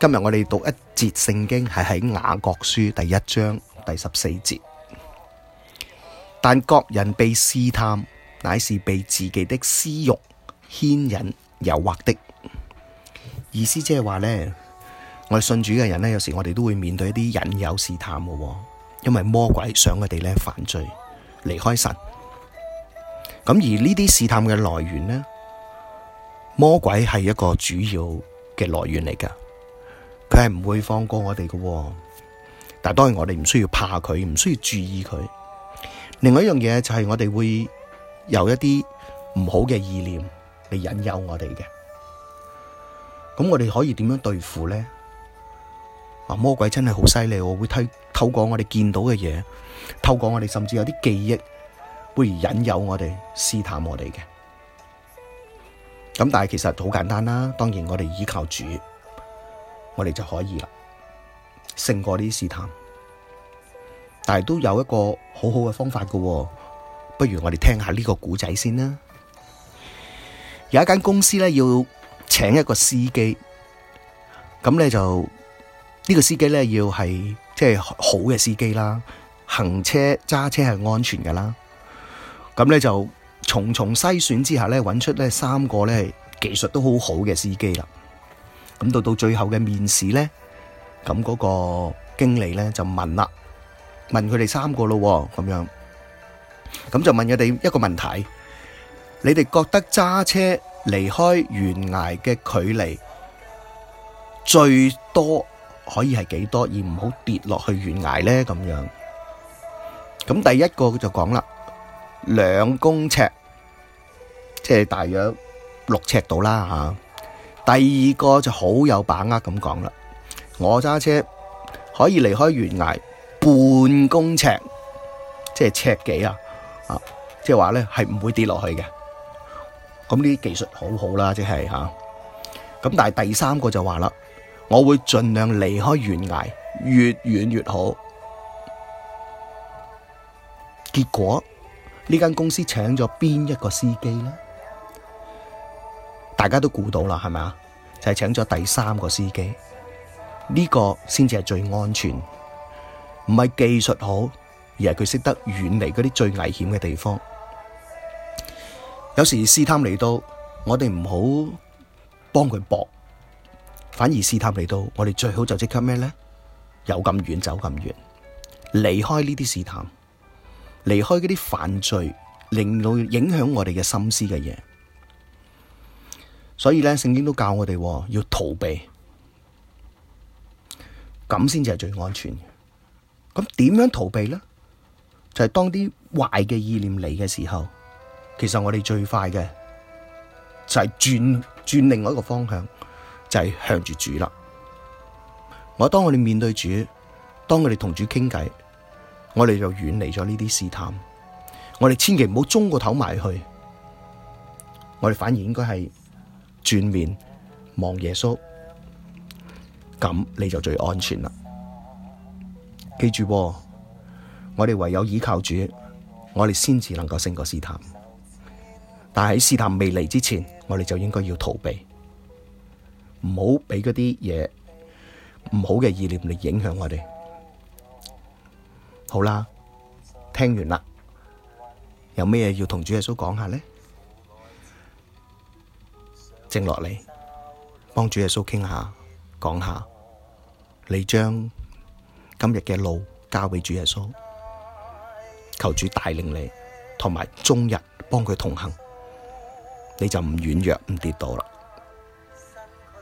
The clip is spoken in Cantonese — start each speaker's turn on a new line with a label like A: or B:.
A: 今日我哋讀一節聖經，係喺雅各書第一章第十四節。但各人被試探，乃是被自己的私慾牽引、誘惑的。意思即係話呢，我哋信主嘅人呢，有時我哋都會面對一啲引誘試探嘅，哦，因為魔鬼想佢哋呢犯罪、離開神。咁而呢啲試探嘅來源呢？魔鬼係一個主要。嘅來源嚟噶，佢係唔會放過我哋噶。啊，但係當然我哋唔需要怕佢，唔需要注意佢。另外一樣嘢就係我哋會有一啲唔好嘅意念嚟引誘我哋嘅。咁我哋可以點樣對付咧？啊，魔鬼真係好犀利，會偷透過我哋見到嘅嘢，透過我哋甚至有啲記憶，會引誘我哋，試探我哋嘅。咁但係其實好簡單啦，當然我哋依靠主，我哋就可以啦，勝過呢啲試探。但係都有一個好好嘅方法噶，不如我哋聽下呢個古仔先啦。有一間公司咧要請一個司機，咁咧就呢個司機咧要係即係好嘅司機啦，行車揸車係安全噶啦，咁咧就。重重篩選之下咧，揾出咧三個咧技術都好好嘅司機啦。咁到到最後嘅面試咧，咁嗰個經理咧就問啦，問佢哋三個咯，咁樣，咁就問佢哋一個問題：你哋覺得揸車離開懸崖嘅距離最多可以係幾多，而唔好跌落去懸崖咧？咁樣，咁第一個就講啦，兩公尺。即係大約六尺度啦吓，第二個就好有把握咁講啦，我揸車可以離開懸崖半公尺，即係尺幾啊？啊，即係話咧係唔會跌落去嘅，咁呢啲技術好好啦，即係吓。咁、啊、但係第三個就話啦，我會盡量離開懸崖越遠越好。結果呢間公司請咗邊一個司機咧？大家都估到啦，係咪啊？就係請咗第三個司機，呢個先至係最安全，唔係技術好，而係佢識得遠離嗰啲最危險嘅地方。有時試探嚟到，我哋唔好幫佢搏，反而試探嚟到，我哋最好就即刻咩咧？有咁遠走咁遠，離開呢啲試探，離開嗰啲犯罪，令到影響我哋嘅心思嘅嘢。所以咧，聖經都教我哋，哦、要逃避，咁先至係最安全嘅。咁點樣逃避咧？就係當啲壞嘅意念嚟嘅時候，其實我哋最快嘅就係轉轉另外一個方向，就係向住主啦。我當我哋面對主，當我哋同主傾偈，我哋就遠離咗呢啲試探。我哋千祈唔好中個頭埋去，我哋反而應該係。轉面望耶穌，咁你就最安全啦。記住，我哋唯有依靠主，我哋先至能夠勝過試探。但係喺試探未嚟之前，我哋就應該要逃避，唔好俾嗰啲嘢唔好嘅意念嚟影響我哋。好啦，聽完啦，有咩嘢要同主耶穌講下咧？靜落嚟，幫主耶穌傾下，講下，你將今日嘅路交畀主耶穌，求主帶領你，同埋終日幫佢同行，你就唔軟弱，唔跌倒啦。